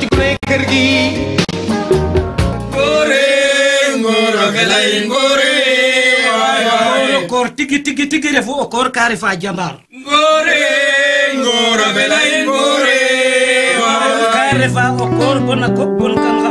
ci gune kër gi ngóore ngóoro galay ngóore waay waay koor tigi tigi tigi refu o koor ka refa jambar ngóore ngóoro galay ngóore waay waay ka refa o koor bona ko bon kan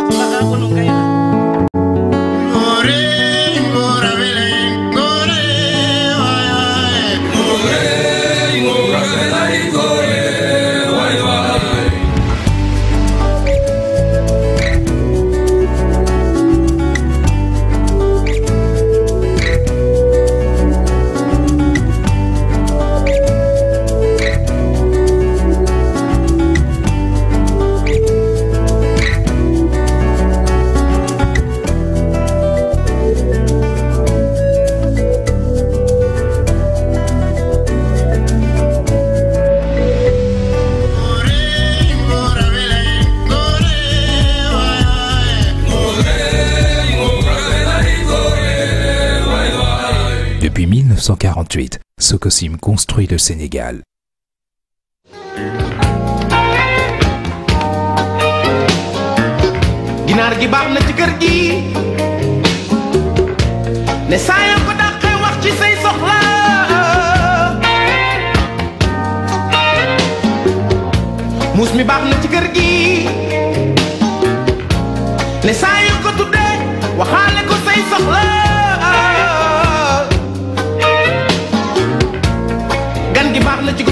1948, Sokosim construit le Sénégal. ginaar gi baax na ci kër gi ne saa yaa ko dàqee wax ci say soxla muus mi baax na ci kër gi ne saa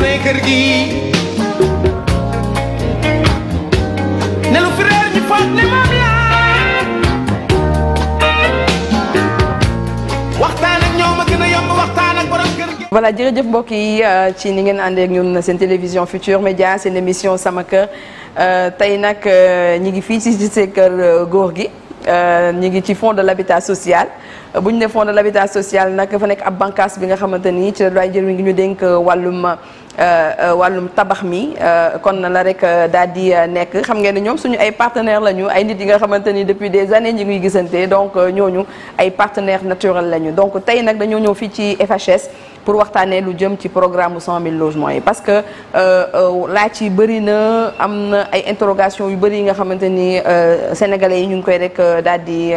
ne kër gi ne lu yaa waxtaan ak ñoom a gën a yomb waxtaan ak borom kër gi. voilà jërëjëf mbokk yi euh, ci ni ngeen àndee ak ñun seen télévision Futurs média seen émission sama kër euh, tey nag euh, ñi ngi fii ci seen kër góor gi. ñu ngi ci fond de l'habitat social bu ñu ne fond de l'habitat social nag fa nekk ab banqaas bi nga xamante ni ci la doy jëriñ ngi ñu dénk wàllum Euh, euh, wàllum tabax mi euh, kon na la rek daal di nekk xam ngeen ne ñoom suñu ay partenaires lañu ay nit yi nga xamante ni depuis des années ñi ngi gisante donc ñooñu ay partenaires naturels lañu donc tey nag dañoo ñëw fii ci FHS. pour waxtaanee lu jëm ci programme bu 100000 yi parce que euh, euh, laa ci bëri na am na ay interrogations yu bëri yi nga xamante ni euh, sénégalais yi ñu ngi koy rek daal di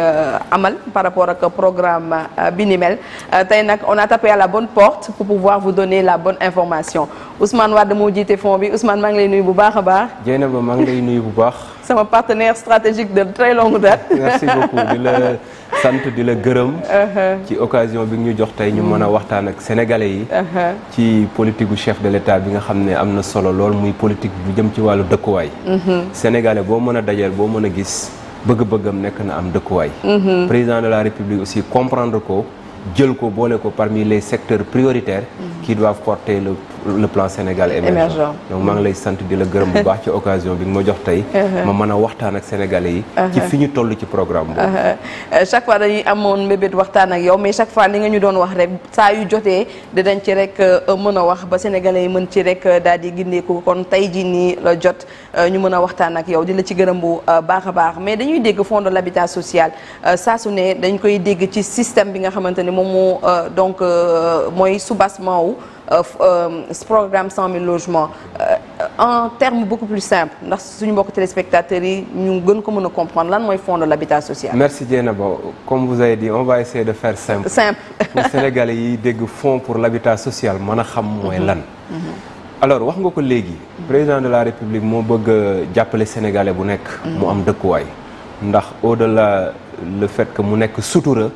amal par rapport ak programme bi ni mel tey nag on a tapé à la bonne porte pour pouvoir vous donner la bonne information Ousmane Wade moo jiite fond bi Ousmane maa ngi lay nuyu bu baax a baax. Dieynaba maa ngi lay nuyu bu baax. sama partenaire stratégique de très longue date. merci beaucoup di la sant di la gërëm. Uh-huh. ci occasion bi ñu jox tey ñu mën a mm. waxtaan ak sénégalais yi. Uh-huh. ci politique gu chef de l' état bi nga xam ne am na solo lool muy politique bu jëm ci wàllu dëkkuwaay. Mm-hmm. sénégalais boo mën a dajeel boo mën a gis bëgg-bëggam nekk na am dëkkuwaay. Mm-hmm. président de la république aussi comprendre ko. jël ko boole ko parmi les secteurs prioritaires mm-hmm. qui doivent porter le le plan Sénégal émergent donc maa ngi lay sant di la gërëm bu baax ci occasion bi nga ma jox tey uh-huh. ma mën a waxtaan ak sénégalais yi uh-huh. ci fi ñu toll ci programme boobu uh-huh. uh, chaque fois dañuy amoon mbébét waxtaan ak yow mais chaque fois li nga ñu doon wax rek saa yu jotee dinañ ci rek uh, mën a wax ba sénégalais yi mën ci rek uh, daal di gindeeku kon tey jii nii la jot ñu mën a waxtaan ak yow di la ci gërëm bu baax a baax mais dañuy dégg fonds de l'habitat social saa su ne dañ koy dégg ci système bi nga xamante ne moom moo donc mooy soubassement wu Euh, euh, programme 100 000 logements euh, en termes beaucoup plus simples ndax suñu mbokk téléspectateurs yi ñu gën ko mën a comprendre lan mooy fonds de l'habitat social. merci Dieynaba comme vous avez dit on va essayer de faire simple. simple pour yi dégg fonds pour l'habitat social mën a xam mooy mhm. lan. Mhm. alors wax nga ko léegi. président de la république moo bëgg jàppale sénégalais bu nekk. Mhm. mu am dëkkuwaay. ndax au-delà le fait que mu nekk sutura.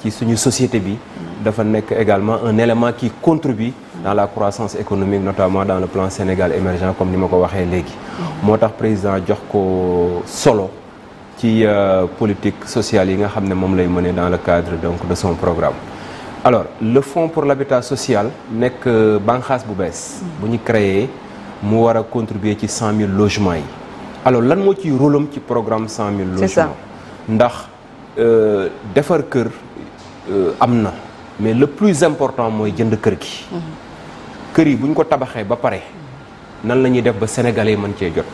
ci suñu société bi. dafa nekk également un élément qui contribue dans la croissance économique notamment dans le plan Sénégal émergent comme ni ma ko waxee léegi moo tax président jox ko solo ci euh, politique sociale yi nga xam ne moom lay mëne dans le cadre donc de son programme alors le fonds pour l'habitat social nekk euh, banqaas bu bees bu ñu créer mu war a contribuer ci cent mille logements yi alors lan moo ciy rôlam ci programme cent mille logements ndax euh, defar kër am na mais le plus important mooy jënd kër gi. kër yi bu ñu ko tabaxee ba pare nan la ñuy def ba sénégalais man cee jot.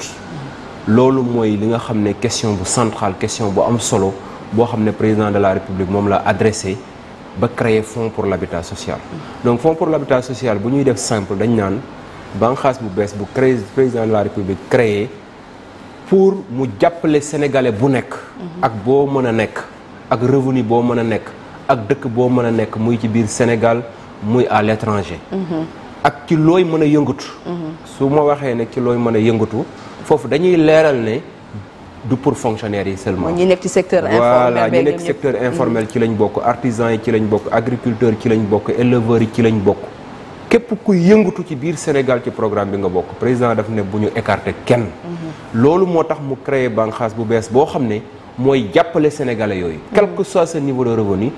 loolu mooy li nga xam ne question bu centrale question bu am solo boo xam ne président de la république moom la adressé ba créer fonds pour l'habitat social. donc fonds pour l'habitat social bu ñuy def simple dañ naan banqaas bu bees bu créé président de la république créé pour mu jàppale sénégalais bu nekk. ak boo mën a nekk ak revenu boo mën a nekk. ak dëkk boo mën a nekk muy ci biir Sénégal muy à l'étranger ak ci looy mën a yëngatu su ma waxee ne ci looy mën a yëngatu foofu dañuy leeral ne du pour fonctionnaires yi seulement. ñi nekk ci secteur informel voilà ñi mm-hmm. informel ci lañ bokk artisans yi ci lañ bokk agriculteurs ci lañ bokk éleveurs yi ci lañ bokk. képp kuy yëngatu ci biir Sénégal ci programme bi nga bokk président daf ne bu ñu écarter kenn. Mm-hmm. loolu moo tax mu créer bànqaas bu bees boo xam ne mooy jàppale sénégalais yooyu. Mm-hmm. quel que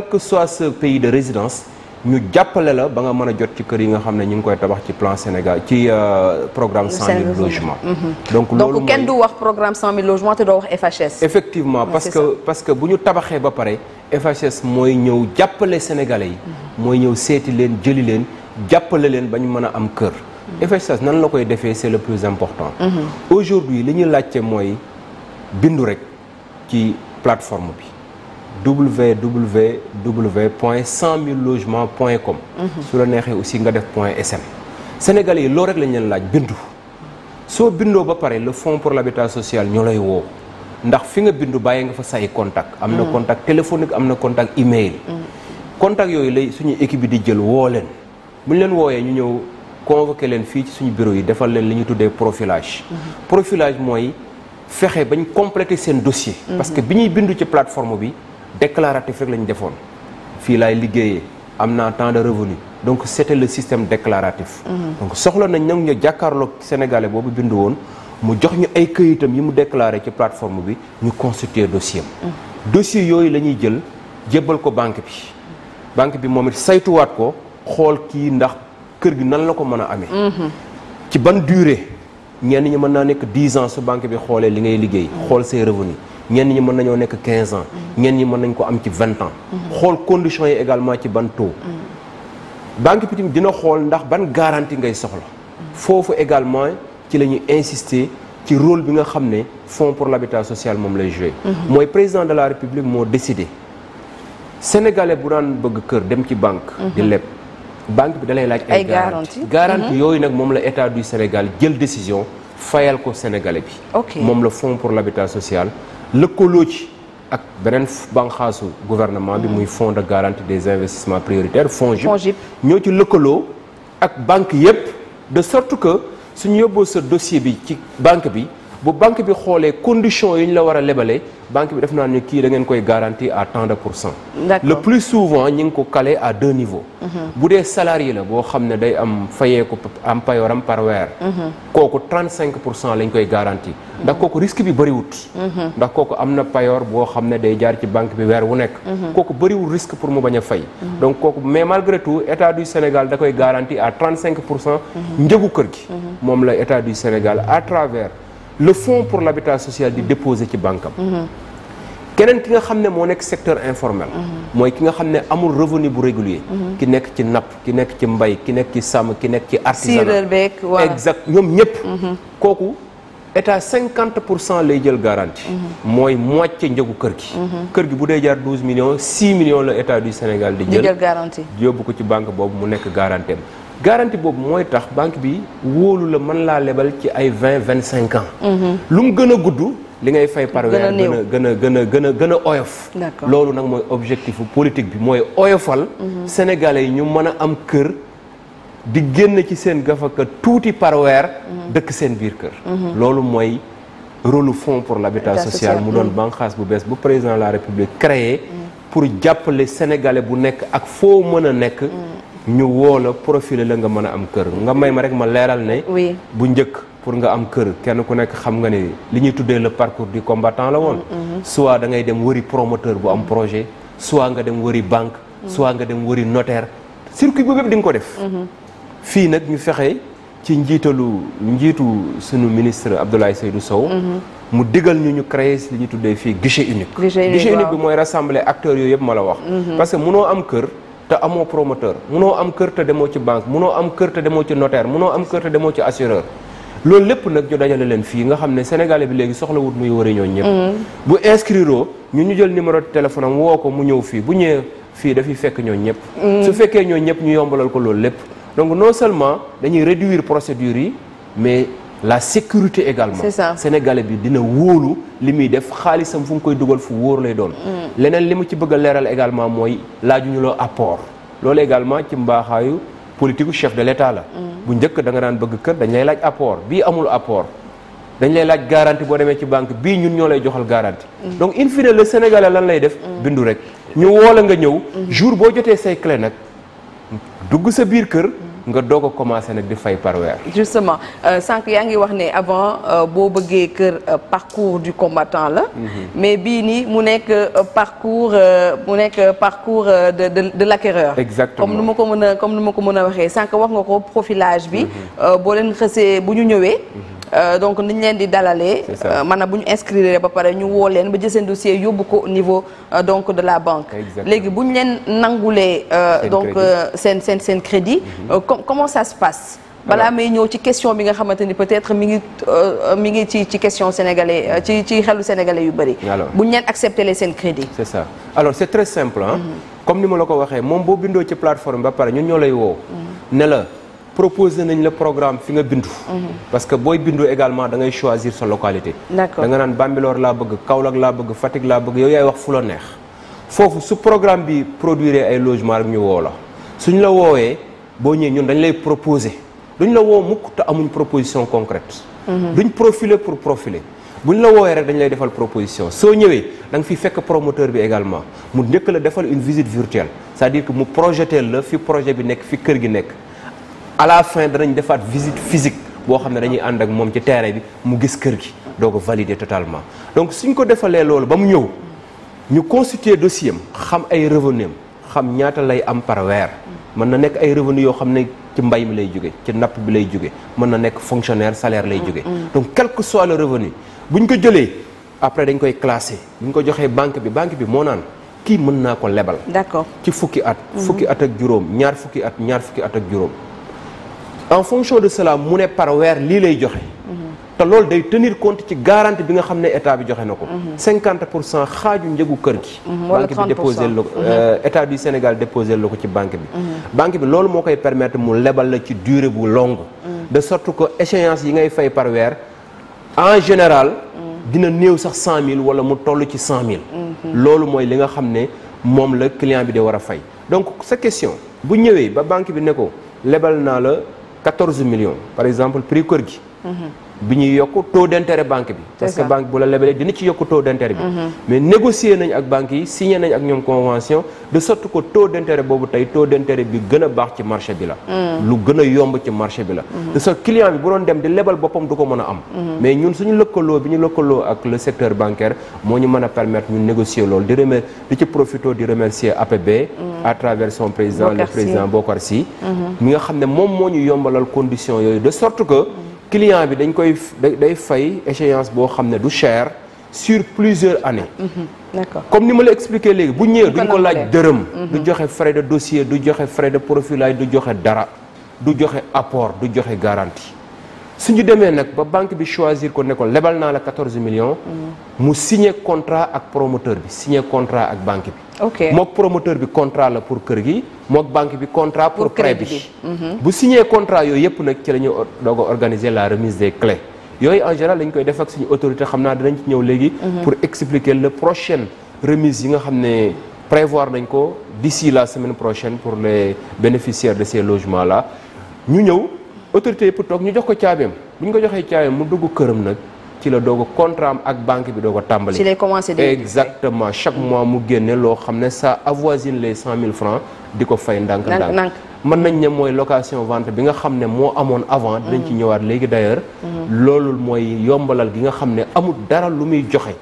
quel que soit ce pays de résidence ñu jàppale la ba nga mën a jot ci kër yi nga xam ne ñu ngi koy tabax ci plan Sénégal ci euh, programme 100 000 mhm. donc loolu donc kenn du wax programme 100 000 logements te doo wax FHS. effectivement parce que parce que bu ñu tabaxee ba pare FHS mooy ñëw jàppale sénégalais yi. Mhm. mooy ñëw seeti leen jëli leen jàppale leen ba ñu mën a am kër. Mhm. FHS nan la koy defee c'est le plus important. aujourd'hui li ñu laajte mooy bindu rek ci plateforme bi. www point 100 000 logements point com. Mhm. su la neexee aussi nga def point sm. Sénégal yi loo rek lañ leen laaj bindu soo bindoo ba pare le fonds pour l'habitat social ñoo lay woo ndax fi nga bindu bàyyi nga fa say contact am na mhm. contact téléphonique am na contact email. Mhm. contact yooyu lay suñu équipe bi di jël woo leen bu ñu leen wooyee ñu ñëw convoqué leen fii ci suñu bureau yi defal leen li ñu tuddee profilage. profilage mooy fexe bañ compléter seen dossier. parce que bi ñuy bindu ci plateforme bi. déclaratif rek la ñu defoon fii laay liggéeyee am naa temps de revenu donc c'était le système déclaratif. Mhm. donc soxla nañ nag ñu jàkkaarlook sénégalais boobu bindu woon mu jox ñu ay këyitam yi mu déclaré ci plateforme bi ñu constituer dossier am. Mhm. dossier yooyu la ñuy jël jébbal ko banque bi banque bi moom it saytuwaat ko xool kii ndax kër gi nan la ko mën a amee. Mhm. ci ban durée ñenn ñi mën naa nekk 10 ans su banque bi xoolee li ngay liggéey. xool say revenu ñenn ñi mën nañoo nekk quinze ans. Mm-hmm. ñenn ñi mën nañ ko am ci 20 ans. Mm-hmm. xool condition yi également ci ban taux. Mm-hmm. banque bi tamit dina xool ndax ban garantie ngay soxla. foofu également ci la ñuy insister ci rôle bi nga xam ne fonds pour l'habitat social moom lay joué. mooy président de la république moo décidé sénégalais bu daan bëgg kër dem ci banque. di leb banque bi dalay laaj. ay garantie garantie yooyu nag moom la état du Sénégal jël décision fayal ko sénégalais bi. ok moom la fonds pour l'habitat social. lëkkaloo ci ak beneen banqaasu gouvernement bi mm. muy fonds de garantie des investissements prioritaires fonds GIP ñoo ci lëkkaloo ak banque yépp de sorte que suñu yóbboo sa dossier bi ci banque bi bu banque bi xoolee condition yi ñu la war a lebalee banque bi def naa ne kii da ngeen koy garantie à tant ko calé à deux niveaux. Mhm. bu dee salarié la boo xam ne day am fayee ko am payoram par weer. Mhm. kooku trente cinq pour cent lañ koy garantie. ndax kooku risque bi bëriwut. Mhm. ndax kooku am na payoor boo xam ne day jaar ci banque bi weer wu nekk. kooku bëriwul risque pour mu bañ a fay. donc kooku mais malgré tout état du Sénégal da koy garantie à trente cinq pour cent. njëgu kër gi. moom la état du Sénégal à travers. le fonds pour l'habitat social di déposé ci banque am keneen ki nga xam ne moo nekk secteur informel mooy ki nga xam ne amul revenu bu régulier ki nekk ci napp ki nekk ci mbay ki nekk ci sàmm ki nekk ci artisanat exact ñoom ñëpp mhm. kooku état cinquante pour cent lay jël garantie mhm. mooy moitié njëgu kër gi mhm. kër gi bu dee jaar douze millions six millions la état du Sénégal di jël garantie yóbbu ko ci banque boobu mu nekk garantie garantie boobu mooy tax banque bi wóolu la man laa lebal ci ay vingt vingt cinq ans. Mhm. lu mu gën a gudd. li ngay fay par weer gën a gën a gën a gën a gën oyof. loolu nag mooy objectif politique bi mooy oyofal. Mhm. sénégalais yi ñu mën a am kër. di génn ci seen gafaka tuuti par mhm. dëkk seen biir kër. loolu mooy rôle fonds pour l'habitat social mu doon banqaas bu bees bu président la république créé. pour jàppale sénégalais bu nekk ak foo mën a nekk. ñu woo la profilé la nga mën a am kër nga may ma rek ma leeral ne. bu njëkk pour nga am kër kenn ku nekk xam nga ne li ñuy tuddee le parcours du combattant la woon. Mm-hmm, mm-hmm. soit da ngay dem wëri promoteur bu am projet. soit nga dem wëri banque. Mm-hmm. soit nga dem wëri notaire. circuit boobu yëpp di nga ko def. fii nag ñu fexe ci njiitalu njiitu sunu ministre Abdoulaye Seydou Sow. mu digal ñu ñu créer li ñu tuddee fii guichet unique. guichet unique bi mooy rassembler acteurs yooyu yëpp ma la wax. te amoo promoteur munoo am kër te demoo ci banque munoo am kër te demoo ci notaire munoo am kër te demoo ci assureur loolu lépp nag ñu dajale leen fii nga xam ne sénégalais bi léegi soxla wut muy wari ñooñu ñëpp mm. bu inscrire ñu ñu jël numéro de woo ko mu ñëw fii bu ñëwee fii dafiy fekk ñooñu ñëpp mm. su fekkee ñooñu ñëpp ñu yombalal ko loolu lépp donc non seulement dañuy réduire procédure yi mais la sécurité également. c'est ça sénégalais bi dina wóolu li def xaalisam fu mu koy dugal fu wóor lay doon. Mm. leneen li mu ci bëgg a leeral également mooy laajuñu la apport loolu également ci mbaaxaayu politique chef de l'état la. Mm. bu njëkk danga daan bëgg kër dañ lay laaj apport bii amul apport. dañ lay laaj garantie boo demee ci banque bii ñun ñoo lay joxal garanti mm. donc in fine le sénégalais lan lay def. bindu rek ñu woole nga ñëw. jour boo jotee say clé nag dugg sa biir kër. nga doog a commencé nag di fay par weer. justement euh, sànq yaa ngi wax ne avant euh, boo bëggee kër euh, parcours du combattant la. Mhm. mais bii nii mu nekk parcours mu nekk parcours de de de l'acquéreur. exactement comme nu ma ko mën comme nu ma ko mën a waxee sànq wax nga ko profilage bi. Mhm. boo leen xësee bu ñu ñëwee. Mhm. Euh, donc ni ñu leen di dalalee. Euh, maanaam bu ñu inscrire ba pare ñu woo leen ba jël seen dossier yóbbu ko au niveau euh, donc de la banque. léegi bu ñu leen nangulee. donc seen seen seen crédit. Mhm. comment ça se passe. balaa may ñëw ci question bi nga xamante ni peut-être mi ngi mi ngi ci ci question sénégalais ci ci xelu sénégale yu bari bu ñu leen accepté leen seen crédit. c'est ça alors c'est très mhm. comme ni ma la ko waxee moom boo bindoo ci plateforme ba pare ñun ñoo lay woo. Mhm. ne la. proposé nañ la programme fi nga bindu. Mhm. parce que booy bindoo également da ngay choisir sa localité. d'accord da nga naan Bambilor laa bëgg Kaolack laa bëgg Fatick laa bëgg yow yaay wax fu la neex. foofu su programme bi produire ay logement rek ñu woo la suñ la woowee boo ñëwee ñun dañ lay proposer duñ la woo mukk te amuñ proposition concrete concrète. Mhm. ñu profiler pour profiler. ñu la woowee rek dañ lay defal proposition soo ñëwee da nga fi fekk promoteur bi également mu njëkk la defal une visite virtuelle c'est-à-dire que mu la fi projet bi nekk fi kër gi nekk. à la fin danañ defaat visite physique boo xam ne dañuy ànd ak moom ci terrain bi mu gis kër gi doo ko valider totalement donc suñ ko defalee loolu ba mu ñëw ñu constituer dossier am xam ay revenu xam ñaata lay am par weer mën na nekk ay revenu yoo xam ne ci mbay mi lay jóge ci napp bi lay jóge mën na nekk fonctionnaire salaire lay jóge mm-hmm. donc quel que la le bu ñu ko jëlee après dañ koy classé buñ ko joxee banque bi banque bi moo naan kii mën naa ko lebal d'accord ci fukki at mm-hmm. fukki at ak juróom fukki at ñaar fukki at ak juróom en fonction de cela mu ne par weer lii lay joxe. te loolu day tenir compte ci garantie bi nga xam ne état bi joxe na ko. 50 pour cent xaaju njëgu kër gi. Mhm. wala 30 banque bi déposé la ko mhm. euh, état du Sénégal déposé la ko ci banque bi. Mhm. banque bi loolu moo koy permettre mu lebal la ci durée bu longue. de sorte que échéance yi ngay fay par weer en général. dina néew sax 100000 wala mu toll ci 100000. loolu mooy li nga xam ne moom la client bi di war a fay. donc sa question bu ñëwee ba banque bi ne ko lebal naa la. quatorze millions par exemple prix kër gi mhm. bi ñuy yokk taux d'intérêt banque bi parce que banque bu la lebalee dina ci yokk taux d'intérêt bi mm-hmm. mais négocier nañ ak banque yi signé nañ ak ñoom convention de sorte que taux d'intérêt boobu tey taux d'intérêt bi gën a baax ci marché bi la mm. lu gën a yomb ci marché bi la mm-hmm. de sorte client bi bu doon dem di lebal boppam du ko mën a am mm-hmm. mais ñun suñu lëkkaloo bi ñu lëkkaloo ak le secteur bancaire moo ñu mën a permettre ñu négocier loolu di remer di ci profito di remercier APB mm. à travers son président le client bi dañ koy day fay échéance boo xam ne du chair sur plusieurs années. Mm-hmm. d'accord comme ni ma la expliqué léegi bu ñëwee duñ ko laaj dërëm. Mm-hmm. du joxe frais de dossier du joxe frais de profilage du joxe dara du joxe apport du joxe garantie suñu demee nag ba banque bi choisir ko ne lebal naa la 14 millions. Mm-hmm. mu signer contrat ak promoteur bi signer contrat ak banque bi. ok mook promoteur bi contrat la pour kër gi mook banque bi contrat pour prêt bi mhm. bu signé contrat yooyu yëpp nag ci la ñu doog a la remise des clés yooyu en général dañ koy def ak suñu autorité xam naa dinañ ci ñëw léegi mhm. pour expliquer le prochaine remise yi nga xam ne prévoir nañ ko d'ici la semaine prochaine pour les bénéficiaires de ces logements là ñu ñëw autorité yëpp toog ñu jox ko caabeem bu ñu ko joxee caabeem mu dugg këram nag ci la doog a contrat am ak banque bi doog a tàmbali. ci lay commencé exactement chaque mois mu génne loo xam ne sa avoisine les cent mille francs di ko fay ndànk ndànk mën nañ ne mooy location vente bi nga xam ne moo amoon avant. Mm-hmm. dinañ ci ñëwaat léegi d'ailleurs. Mm-hmm. loolu mooy yombalal gi nga xam ne amul dara lu muy joxe.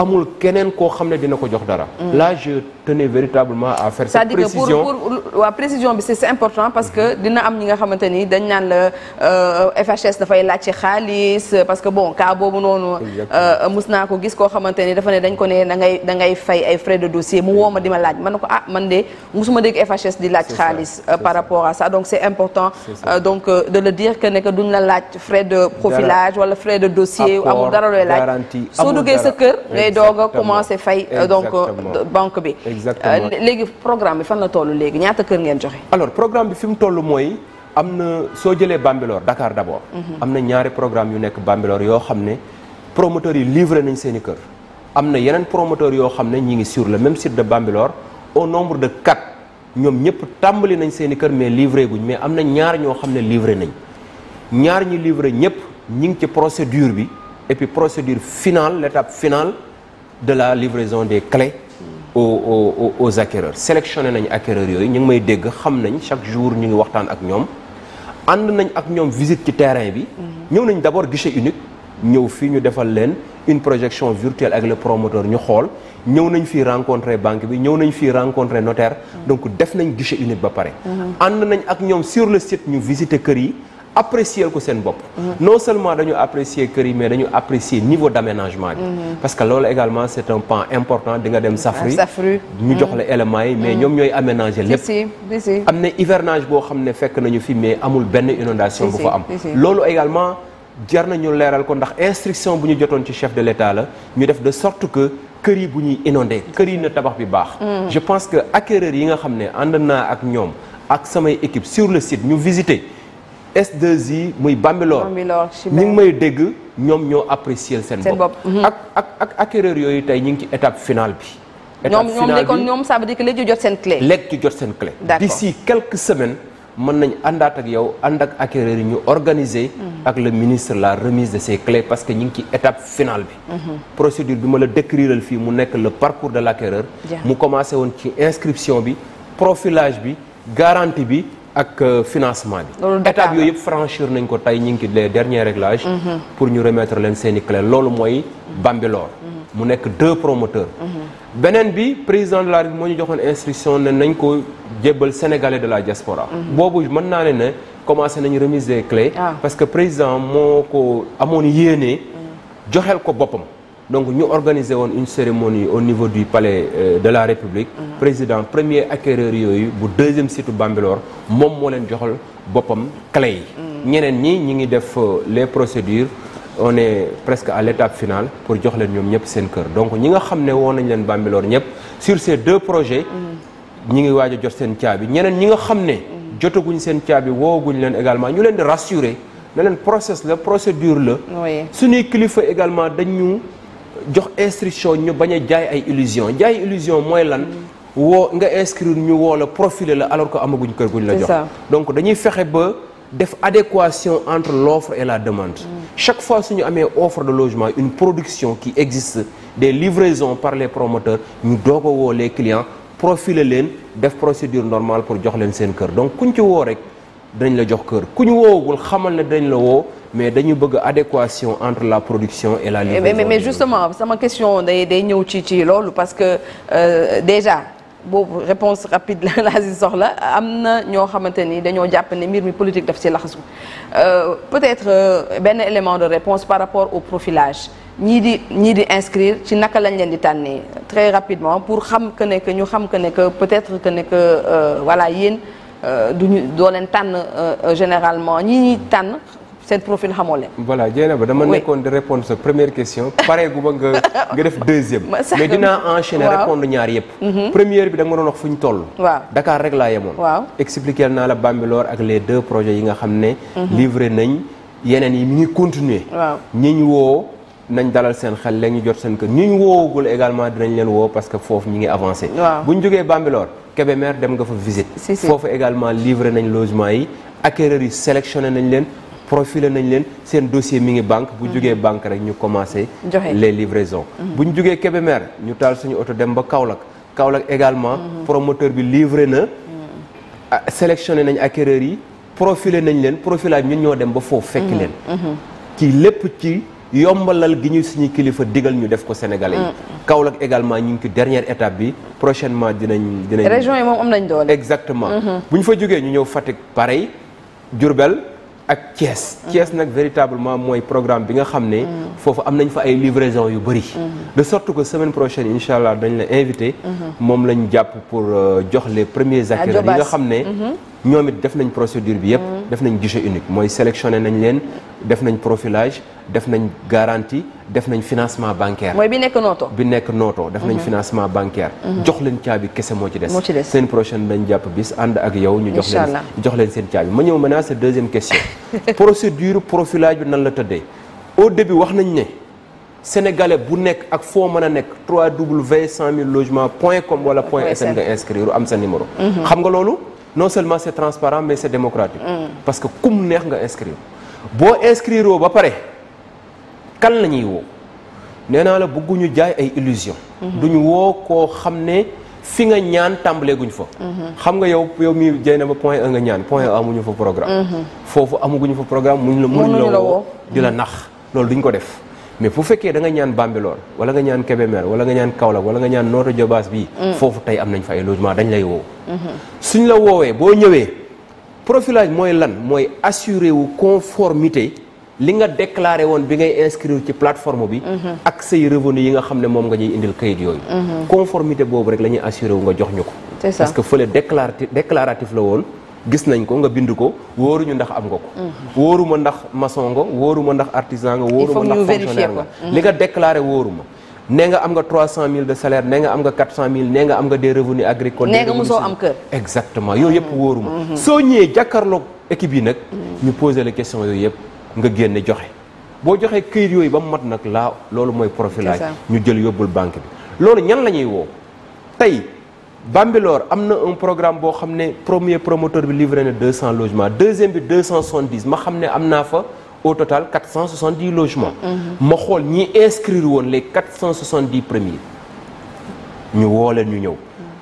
amul keneen koo xam ne dina ko jox dara. Mm. là je tenais véritablement à faire précision. waaw précision bi c'est important parce que dina am ñi nga xamante ni dañ naan la euh, FHS dafay laaj ci xaalis parce que bon cas boobu noonu euh, mus naa ko gis koo xamante ni dafa ne dañ ko ne da ngay da ngay ay frais de dossier mu woo ma di ma laaj man na ko ah man de musuma dégg FHS di laaj xaalis euh, par rapport à sax donc c'est important donc de le dire que ne que duñ la laaj frais de profilage wala frais de dossier amul dara looy laaj soo duggee sa kër ngay doog a commencer fay donc ñaata kër ngeen joxe. alors programme bi fi mu toll mooy am na soo jëlee Bambilor Dakar d' abord. Mhm. am na ñaari programme yu nekk Bambilor yoo xam ne promoteurs yi livré nañ seen i kër. am na yeneen promoteurs yoo xam ne ñi ngi sur le même site de Bambilor au nombre de quatre ñoom ñëpp tàmbali nañ seen i kër mais livré guñ mais am na ñaar ñoo xam ne livré nañ ñaar ñi livré ñëpp ñi ngi ci procédure bi et puis procédure final l' étape finale de la livraison des clés. aux aux acquéreurs sélectionné nañu acquéreurs yooyu ñu ngi may dégg xam nañ chaque jour ñu ngi waxtaan ak ñoom ànd nañ ak ñoom visite ci terrain bi. Mm-hmm. ñëw nañ d' abord guichet unique ñëw fii ñu defal leen une projection virtuelle ak le promoteur ñu xool ñëw nañ fi rencontrer banque bi ñëw nañ fii rencontrer notaire. Mm-hmm. donc def nañ guichet unique ba pare. Mm-hmm. ànd nañ ak ñoom sur le site ñu visiter kër yi. apprécier ko seen bopp. Mm-hmm. non seulement dañu apprécier kër yi mais dañu apprécier niveau d' bi. Mm-hmm. parce que loolu également c' est un pan important di nga dem. safru ah, ñu jox la mm-hmm. éléments yi mais ñoom ñooy aménager lépp. am na hivernage boo xam ne fekk nañu fi mais amul benn inondation bu fa am. loolu également jar nañu leeral ko ndax instruction bu ñu jotoon ci chef de l' état la ñu def de sorte que. kër yi bu ñuy inondé kër yi na tabax bi baax mm. je pense que acquéreurs yi nga xam ne ànd ak ñoom ak samay équipe sur le site ñu visiter S2I muy Bambilor. Bambilor may dégg ñoom ñoo apprécier seen bopp. Mhm. ak ak ak yooyu tey ñu ngi ci étape bi. étape finale bi ñoom ñoom ça veut dire que yow ànd ak acquéreur yi ñu organiser. Mhm. ak le ministre la remise de ces clés parce que ñu ngi ci étape finale bi. Mhm. procédure bi ma la décriral fii mu nekk le parcours de l' mu commencé woon ci inscription bi profilage bi garantie bi. ak euh, financement bi. étape yooyu yëpp franchir nañ ko tey ñu ngi ci les derniers mhm. pour ñu remettre leen seeni i clé loolu mooy. Bambilor. Mhm. mu nekk deux promoteurs. Mhm. beneen bi président de la République moo ñu joxoon instruction ne nañ ko jébbal sénégalais de la diaspora. boobu mën naa ne ne commencé nañu remise des ah. parce que président moo ko amoon yéene. joxel ko boppam. donc ñu organiser woon une cérémonie au niveau du palais euh, de la République. Mmh. président premier acquéreur yooyu bu deuxième site Bambilor moom moo leen joxal boppam clé yi. Mhm. ñeneen ñi ñi ngi def euh, les procédures on est presque à l'étape finale pour jox leen ñoom ñëpp seen kër donc ñi nga xam ne woon nañ leen Bambilor ñëpp sur ces deux projets. Mhm. ñi ngi waaj a jot seen caabi ñeneen ñi nga xam ne. Mhm. jotaguñ seen caabi wooguñ leen également ñu leen di rassurer ne leen process la procédure la. suñuy kilifa également dañu jox instruction ñu bañ a jaay ay illusion jaay illusion mooy lan woo nga inscrire ñu woo la profiler la alors que amaguñ kër guñ la jox donc dañuy fexe ba def adéquation entre l'offre et la demande mm. chaque fois su ñu amee offre de logement une production qui existe des livraisons par les promoteurs ñu doog a woo les clients profiler leen def procédure normal pour jox leen seen kër donc kuñ ci woo rek dañ la jox kër ku ñu woowagul xamal ne dañ la woo mais dañu bëgg adéquation entre la production et la livraison eh mais, mais, mais justement sama question day ñëw ci ci loolu parce que euh, déjà boobu réponse rapide la laa si soxla am na ñoo xamante ni dañoo jàpp ne mbir mi politique daf si laxasu euh, peut-être euh, benn élément de réponse par rapport au profilage ñii di ñii di inscrire ci naka lañ leen di tànnee très rapidement pour xam que ne que ñu xam que ne que peut-être que ne que euh, voilà yéen duñu doo leen tànn généralement ñii ñuy tànn seen profil xamoo leen. voilà Dieynaba dama nekkoon di répondre sa première question pare gu ba nga nga def deuxième. mais dinaa enchaîner répondre ñaar yëpp. Mhm. première bi da nga ma doon wax fu ñu toll. waaw rek laa yemoon. expliquer ak les deux yi nga xam ne. Mhm. livré nañ yeneen yi mi ngi continuer. waaw ñu woo. nañ dalal seen xel léegi ñu jot seen kër ñu ñu woowagul également dinañ leen woo parce que foofu ñu ngi avancé. waaw bu ñu jógee Bambilor Kébémer dem nga fa visite. foofu également livré nañ logement yi acquéreurs yi sélectionné nañ leen. profilé nañ leen seen dossier mi ngi banque bu jógee mhm. banque rek ñu commencé les livraisons mhm. bu ñu jógee Kébémer ñu taal suñu oto dem ba Kaolack Kaolack également mhm. promoteur bi livré na ah, sélectionné nañ acquéreurs yi profilé nañ leen profilage ñu ñoo dem ba foofu fekk leen ci lépp ci yombalal gi ñu suñu kilifa digal ñu def ko Sénégalais yi. également ñu ngi ci dernière étape bi prochainement dinañ. dinañ région yi moom am nañ doole. exactement. bu ñu fa jógee ñu ñëw Fatick pareil Diourbel. ak Thiès. cees nag véritablement mooy programme bi nga xam ne. foofu am nañ fa ay livraison yu bëri. de sorte que semaine prochaine incha allah dañ la invité. moom lañ jàpp pour euh, jox les premiers acquéreurs yi nga xam ne. Mm-hmm. ñoom it def nañ procédure bi yëpp. def nañ guichet unique mooy sélectionné nañ leen def nañ profilage def nañ garantie def nañ financement bancaire. mooy bi nekk nooto. bi nekk nooto def nañ mhm. financement bancaire. Mhm. jox leen caabi kese moo ci des. moo ci seen prochaine dañ jàpp bis ànd ak yow. ñu jox leen jox leen seen caabi ma ñëw maintenant sa deuxième question. procédure profilage bi nan la tëddee au début wax nañ ne. sénégale bu nekk ak foo mën a nekk 3w 100000 logements point comme wala point sn nga inscrire am sa numéro. Mhm. xam nga loolu non seulement c'est transparent mais c'est démocratique. parce que kum neex nga inscrire. boo inscrire woo ba pare kan la ñuy woo nee naa la bëgguñu jaay ay illusion mhm. duñu woo koo xam ne fi nga ñaan tàmbalee guñ fa. Mhm. xam nga yow yow mi jëy na ba point un nga ñaan point un amuñu fa programme. Mhm. foofu amuguñu fa programme muñ la muñ la woo di la nax loolu duñ ko def. mais bu fekkee da nga ñaan Bambilor wala nga ñaan Kébémer wala nga ñaan Kaolack wala nga ñaan Notto Diobass bii mm. foofu tey am nañ fa ay logement dañ lay woow mm-hmm. suñ la woowee boo ñëwee profilage mooy lan mooy assurer wu conformité li nga déclaré woon bi ngay inscrire ci plateforme bi mm-hmm. ak say revenu yi nga xam ne moom nga ñuy indil kayit yooyu mm-hmm. conformité boobu rek la ñuy assuré wu nga jox ñu ko parce que fële déclaratif la woon gis nañ ko nga bind ko wóoruñu ndax am nga ko mhm. wóoruma ndax maçon nga wóoruma ndax artisan nga wóoruma ndax fonctionnaire nga mhm. li nga déclaré wóoruma nee nga am nga 300000 de salaire nee nga am nga 400000 nee nga am nga des revenus agricoles nee nga mosoo am kër exactement yooyu yëpp mhm. wóoruma soo ñëwee jàkkaarloog équipe yi nag ñu posé la question yooyu yëpp nga génne joxe boo joxee këyit yooyu ba mu mat nag laa loolu mooy profilage ñu jël yóbbul banque bi loolu ñan la ñuy woo Bambilor am na un programme boo xam ne premier promoteur bi livré na 200 logements deuxième bi 270 ma xam ne am naa fa au total 470 logements. Mhm. ma xool ñi inscrire woon les 470 premiers ñu woo leen ñu ñëw.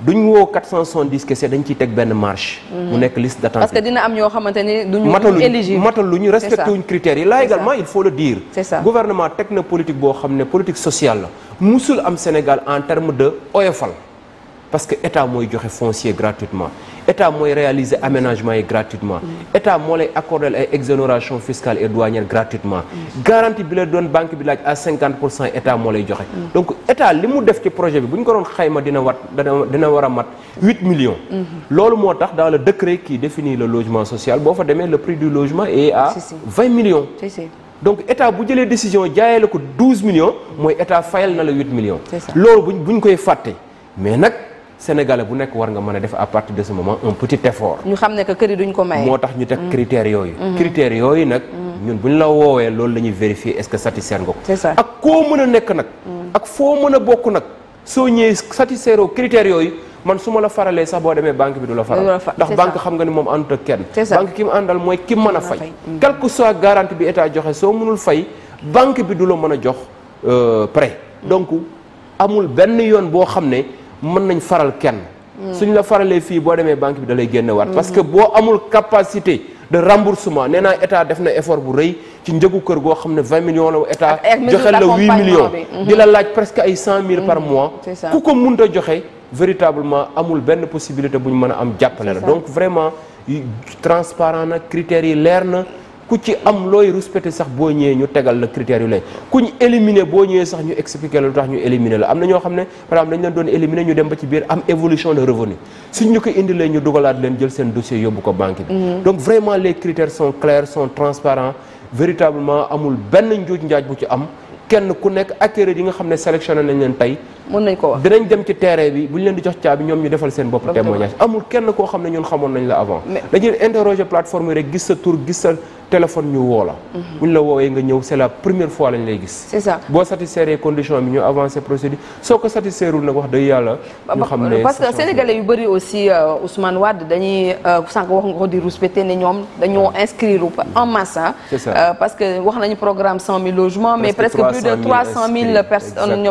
duñ woo 470 kese dañ ciy teg benn marche. Mhm. mu nekk liste d'attente parce am ñoo xamante ni duñu éligible matal lu ñu respecté wuñ critères yi. là également il faut le dire. gouvernement teg na politique boo xam ne politique sociale la. musul am Sénégal en terme de oyofal. parce que état mooy joxe foncier gratuitement état mooy réaliser aménagement yi gratuitement état moo lay accordel ay exonération fiscale et douanière gratuitement garantie bi la doon banque bi laaj à pour cent état moo lay joxe donc état li mu def ci projet bi bu ñu ko doon xayma dina wat dina war a mat 8 millions loolu moo tax dans le décret qui définit le logement social boo fa demee le prix du logement est à 20 millions donc état bu jëlee décision jaayee la ko 12 millions mooy état la 8 millions sénégale bu nekk war nga mën a def à partir de ce moment un petit effort. ñu xam ne que kër yi duñ ko maye. moo tax ñu teg mm. critères yooyu. Mm-hmm. critères yooyu nag. Mm. ñun bu ñu la woowee loolu la ñuy vérifier est-ce que satisfaire nga ko. c'est ça ak koo mën a nekk nag. Mm. ak foo mën a bokk nag soo ñëwee satisfaire critère yooyu. man su ma la faralee sax boo demee banque bi du la faral ndax banque xam nga ni moom àndut ak kenn banque ki mu àndal mooy ki mën a fay quel que soit garantie bi état joxe soo mënul fay banque bi du la mën a jox euh, prêt donc amul benn yoon boo xam ne mën nañ faral kenn suñ la faralee fii boo demee banque bi da lay génne waat parce que boo amul capacité de remboursement neenaa état def na effort bu rëy ci njëgu kër goo xam ne 20 millions la état joxe la 8 millions di la laaj presque ay 100000 par mm-hmm. mois ku ko munta joxe véritablement amul benn possibilité bu ñu mën a am jàppale la donc vraiment transparent na critères yi leer na ku ci am looy respecte sax boo ñëwee ñu tegal la critère yu lay ku ñu éliminé boo ñëwee sax ñu expliqué la lu tax ñu éliminé la am na ñoo xam ne par exemple dañ leen doon éliminé ñu dem ba ci biir am évolution de revenu suñ ñu ko indilee ñu dugalaat leen jël seen dossier yóbbu ko banque bi. Mhm. donc vraiment les critères sont clairs sont transparents véritablement amul benn njuuj njaaj bu ci am kenn ku nekk acteurs yi nga xam ne sélectionné nañ leen tey. mën nañ ko wax dinañ dem ci terrain bi bu ñu leen di jox caabi ñoom ñu defal seen bopp témoignage amul kenn koo xam ne ñun xamoon nañ la avant dañuy interroger plateforme rek gis sa tur gis sa téléphone ñu woo la mhm. bu la woowee nga ñëw c'est la première fois lañ lay gis c'est ça boo satisfaire condition bi ñu avancé procédure soo ko satisfairewul nag wax dëgg yàlla ñu xam ne parce que sénégalais yu bëri aussi euh, Ousmane Wade dañuy euh, sànq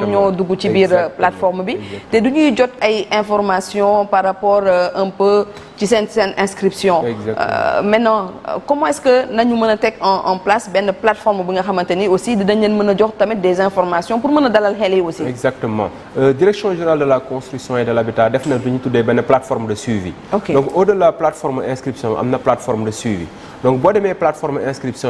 wax nga Euh, plateforme bi te du ñuy jot ay information par rapport euh, un peu ci seen seen inscription euh, maintenant comment est-ce que nañu mën a teg en place benn plateforme bi nga xamante ni aussi dinañ leen mën a jox tamit des informations pour mën a dalal xel aussi exactement direction générale de la construction et de l'habitat def na lu ñu tuddee benn plateforme de suivi donc au-delà plateforme inscription am na plateforme de suivi donc boo demee plateforme inscription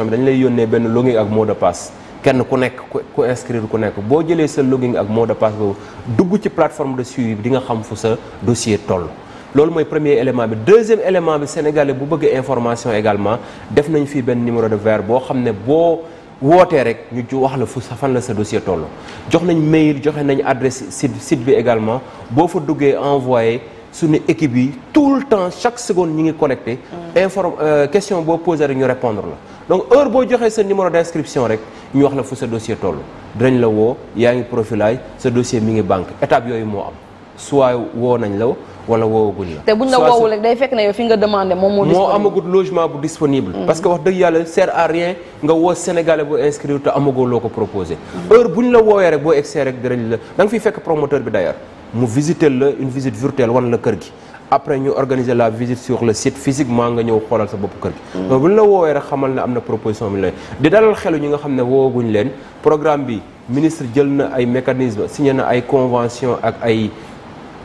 kenn ku nekk ku inscrire ku nekk boo jëlee sa login ak mot de passe boobu dugg ci plateforme de suivi bi di nga xam fu sa dossier toll. loolu mooy premier élément bi deuxième élément bi sénégalais bu bëgg information également def nañ fii benn numéro de verre boo xam ne boo wootee rek ñu ju wax la fu sa fan la sa dossier toll. jox nañ mail joxe nañ adresse site site bi également boo fa duggee envoyé. suñu équipe yi tout le temps chaque seconde ñi ngi connecté. Mm. inform euh, question boo posé rek ñu répondre la. donc heure boo joxee sa numéro d'inscription rek ñu wax la fu sa dossier toll dinañ la woo yaa ngi profilaay sa dossier mi ngi banque étape yooyu moo am soit woo nañ la wala woowaguñ la. te buñ la woowul rek day fekk fi nga demandé moom moo. disponible moo bu disponible. Mm. parce que wax dëgg yàlla sert à rien nga woo sénégalais bu inscrire te amagoo loo ko proposé. heure buñ la woowee rek boo egsee rek dinañ la da nga fiy fekk promoteur bi d'ailleurs mu visiter la une visite virtuelle wan la kër gi. après ñu organiser la visite sur le site physiquement nga ñëw xoolal sa bopp kër gi mm. donc bu ñu la woowee rek xamal ne am na proposition bi lay di dalal xelu ñi nga xam ne wooguñ leen programme bi ministre jël na ay mécanisme signé na ay convention ak ay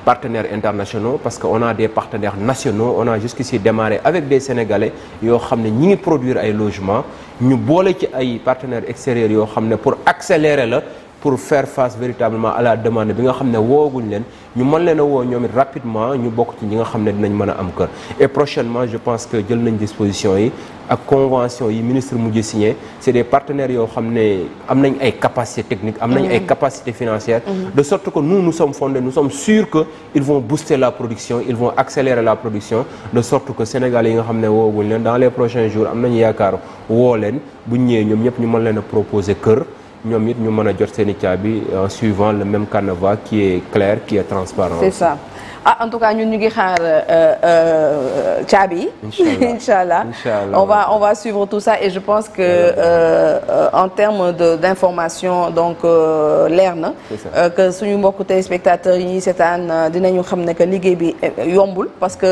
partenaires internationau parce que on a des partenaires nationaux on a jusqu'ici démarré avec des sénégalais yoo xam ne ñi ngi produire ay logements ñu boole ci ay partenaires extérieurs yoo xam ne pour accélérer la pour fair face véritablement à la demande bi nga xam ne woo wooguñ leen ñu mën leen a woo ñoom it rapidement ñu bokk ci ñi nga xam ne dinañ mën a am kër et prochainement je pense que jël nañ disposition yi ak convention yi ministre mujj signé c'est des partenaires yoo xam ne am nañ ay capacités technique am nañ ay mmh. capacité financières mmh. de sorte que nous nous sommes fondés nous sommes sûrs que ils vont booster la production ils vont accélérer la production de sorte Sénégal yi nga xam ne leen dans les prochains jours am nañu yaakaar woo leen bu ñëwee ñoom ñëpp ñu mën leen a proposer kër ñoom it ñu mën a jot seen i caabi en suivant le même canevas qui est clair qui est transparent. C'est ça. ah en tout cas ñun ñu ngi xaar euh, euh, caabi yi. incha allah on va on va suivre tout ça et je pense que euh, euh, en termes de information donc leer na. que suñu mbokku téléspectateurs yi ñuy seetaan dinañu xam ne que liggéey bi yombul parce que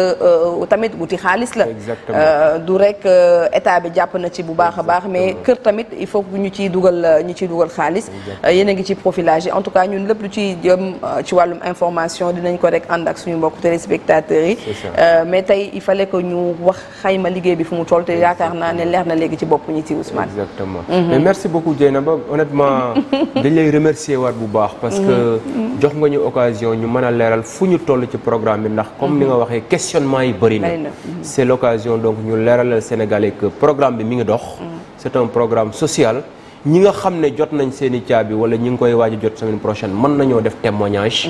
tamit wuti xaalis la. du rek état bi jàpp na ci bu baax a baax. mais kër tamit il faut que ñu ciy dugal ñu ciy dugal xaalis. yéen a ngi ci profilage en tout cas ñun lépp lu ci jëm ci wàllum information dinañ ko rek ànd ak ak suñu mbokk téléspectateurs yi euh, mais tey il fallait que ñu wax xayma liggéey bi fu mu toll te yaakaar naa ne leer na léegi ci bopp ñu ci Ousmane exactement mhm. mais merci beaucoup Dieynaba honnêtement dañ lay remercier waat bu baax parce que mhm. jox nga ñu occasion ñu mën a leeral fu ñu toll ci programme bi ndax comme ni nga mhm. waxee questionnement yi bëri na c'est l'occasion ñu leeralal Sénégalais programme bi mi ngi dox c'est un programme social ñi nga xam ne jot nañ seeni i caabi wala ñi ngi koy waaj a jot semaine prochaine mën nañoo def témoignage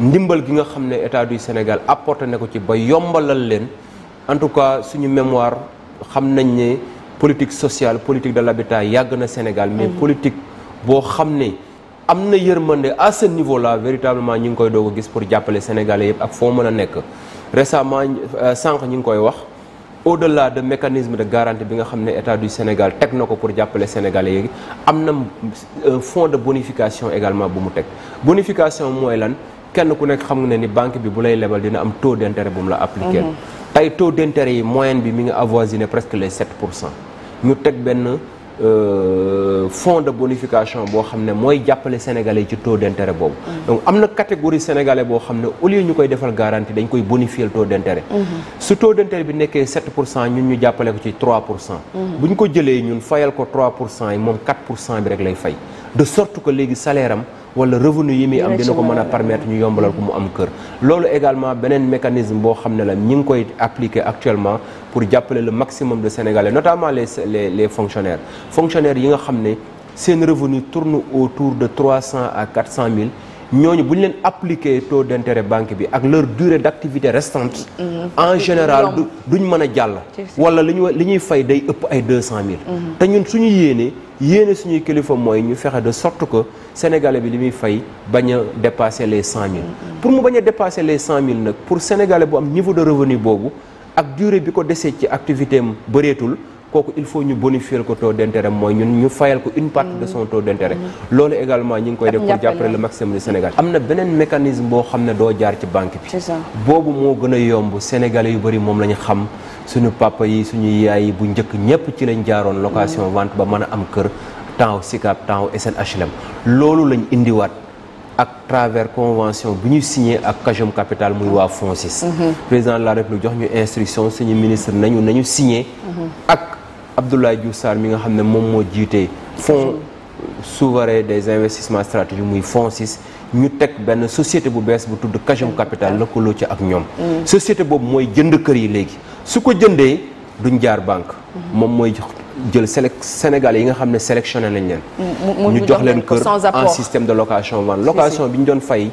ndimbal gi nga xam ne état du Sénégal apporté na ko ci ba yombalal leen en tout cas suñu mémoire xam nañ ne politique sociale politique de l'habitat yàgg na Sénégal mais mhm. politique boo xam ne am na yërmande à ce niveau la véritablement ñu ngi koy doog a gis pour jàppale Sénégalais yëpp ak foo mën a nekk récemment euh, sànq ñu ngi koy wax de delà de mécanisme de garantie bi nga xam ne état du Sénégal teg na ko pour jàppale Sénégalais yi am na un fonds de bonification également bu mu teg bonification mooy lan kenn ku nekk xam ne ni banque bi bu lay lebal dina am taux d'intérêt bu mu la appliqué. Mhm. tey taux d'intérêt yi moyenne bi mi ngi avoisiné presque les 7 pour cent ñu teg benn euh, fonds de bonification boo xam ne mooy jàppale sénégalais ci taux d'intérêt boobu. Mhm. donc am na catégorie sénégalais boo xam ne au ñu koy defal garantie dañ koy bonifier taux d'intérêt. Mhm. su taux d'intérêt bi nekkee 7 pour cent ñun ñu jàppale ko ci 3 pour cent. bu ñu ko pour cent yi moom 4 pour cent bi rek lay fay de sorte que léegi salaire am. wala revenu yi muy am dina ko mën a permettre ñu yombalal ko mu am kër loolu également beneen mécanisme boo xam ne la ñi ngi koy appliquer actuellement pour jàppale le maximum de Sénégalais notamment les les les fonctionnaires fonctionnaires yi nga xam ne seen revenu tourne autour de trois cent à quatre cent mille ñooñu bu ñu leen appliquer taux d'intérêt banque bi ak leur durée d'activité restante. Mhm. en général ñu mën a jàll. wala li ñuy li ñuy fay day ëpp ay deux cent mille. Mhm. te ñun suñu yéenee yéene suñuy kilifa mooy ñu fexe de sorte que sénégalais bi li muy fay bañ a dépasser les cent mille. Mhm. pour mu bañ a dépasser les cent mille nag pour sénégalais bu am niveau de revenu boobu ak durée bi ko desee ci activité am bëreetul. kooku il faut ñu bonifier ko taux d' mooy ñu fayal ko une partie de son taux d' intérêt mm-hmm. loolu également ñi ngi koy def pour jàppale le maximum du Sénégal am na beneen mécanisme boo xam ne doo jaar ci banque bi boobu moo gën a yomb sénégalais yu bëri moom la ñu xam suñu papa yi suñu yaay yi bu njëkk ñëpp ci lañ jaaroon location mm-hmm. vente ba mën a am kër temps SICAP temps SNHLM loolu lañ indiwaat ak travers convention bu ñu signé ak Cajum Capital muy waa FONSIS mm-hmm. président de la République jox ñu instruction suñu ministre nañu nañu signé Abdoulaye Diouf Sarr mi nga xam ne moom moo jiite fonds souverain des investissements stratégiques muy FONSIS ñu teg benn société bu bees bu tudd Kajom Capital lëkkaloo ci ak ñoom mm. société boobu mooy jënd kër yi léegi su ko jëndee duñ jaar banque mm-hmm. moom mooy jël sélec sénégalais yi nga xam ne sélectionné nañ leen mm, ñu jox leen kër en système de location vente location bi ñu doon fay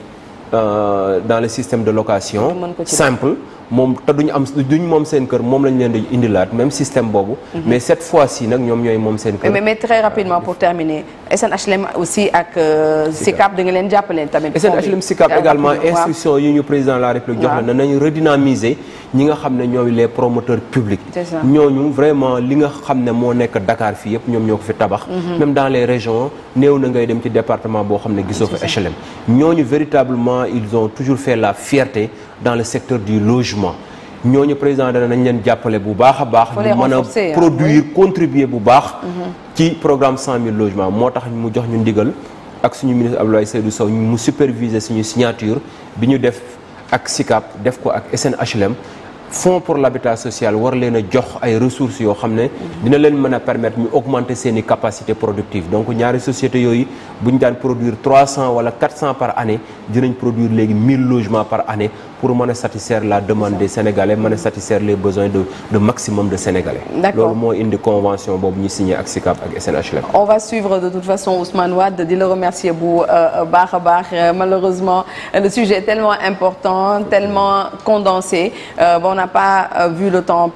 euh, dans le système de location simple moom te duñu am duñ moom seen kër moom lañ leen di indilaat même système boobu. Mhm. mais cette fois ci nag ñoom ñooy moom seen kër. mais mais très rapidement pour terminer SNHLM aussi ak. Euh, SICAP da nga leen jàppale tamit. SNHLM SICAP également instruction yi ñu président de la république jox na nañu redynamiser ñi nga xam ne ñooy les promoteurs publics. ñooñu vraiment li nga xam ne moo nekk Dakar fii yëpp ñoom ñoo ko fi tabax. Mhm. dans les régions néew na ngay dem ci département boo xam ne gisoo fa HLM. ñooñu véritablement ils ont toujours fait la fierté. dans le secteur du logement ñu président dana nañ leen jàppale bu baax a baax ñu mën a produire contribuer bu baax mhm. ci programme 100 moo tax mu jox ñu ndigal ak suñu ministre Abdoulaye Seydou Sow mu superviser suñu signature bi ñu def ak SICAP def ko ak SNHLM fonds pour l'habitat social war leen a jox ay ressources yoo xam ne mhm. dina leen mën a permettre ñu augmenter seeni i capacité productive donc ñaari société yooyu bu ñu daan produire 300 wala 400 par année dinañ produire léegi 1000 logements par année pour mën a satisfaire la demande des Sénégalais mën a satisfaire les besoins de de maximum de Sénégalais. d'accord loolu moo indi convention boobu ñu signé ak SICAP ak SNHLM. on va suivre de toute façon Ousmane Wade di la remercier bu euh, euh, baax malheureusement le sujet est tellement important tellement condensé euh, on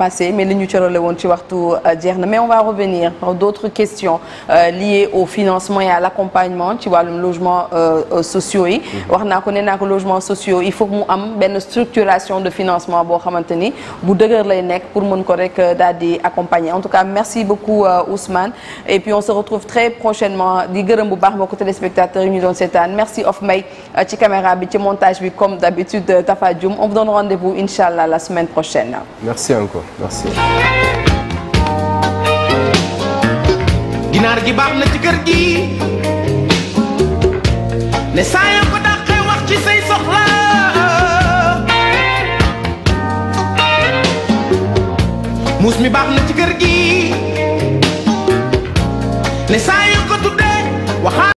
woon ci waxtu jeex na mais on va revenir par d'autres questions liées au financement et à l'accompagnement ci wàllum logement sociaux yi. Mm-hmm. wax naa ko nee naa ko logements sociaux benn structuration de financement boo xamante ni bu dëgër lay nekk pour mën ko rek euh, daal di accompagner en tout cas merci beaucoup euh, Ousmane et puis on se retrouve très prochainement di gërëm bu baax mbokku téléspectateurs yi ñu doon seetaan merci of may euh, ci caméra bi ci montage bi comme d'habitude Tafa Dioum on vous donne rendez-vous inchallah la semaine prochaine muus mi baax na ci kër gi ne saa yu ko tuddee waxaa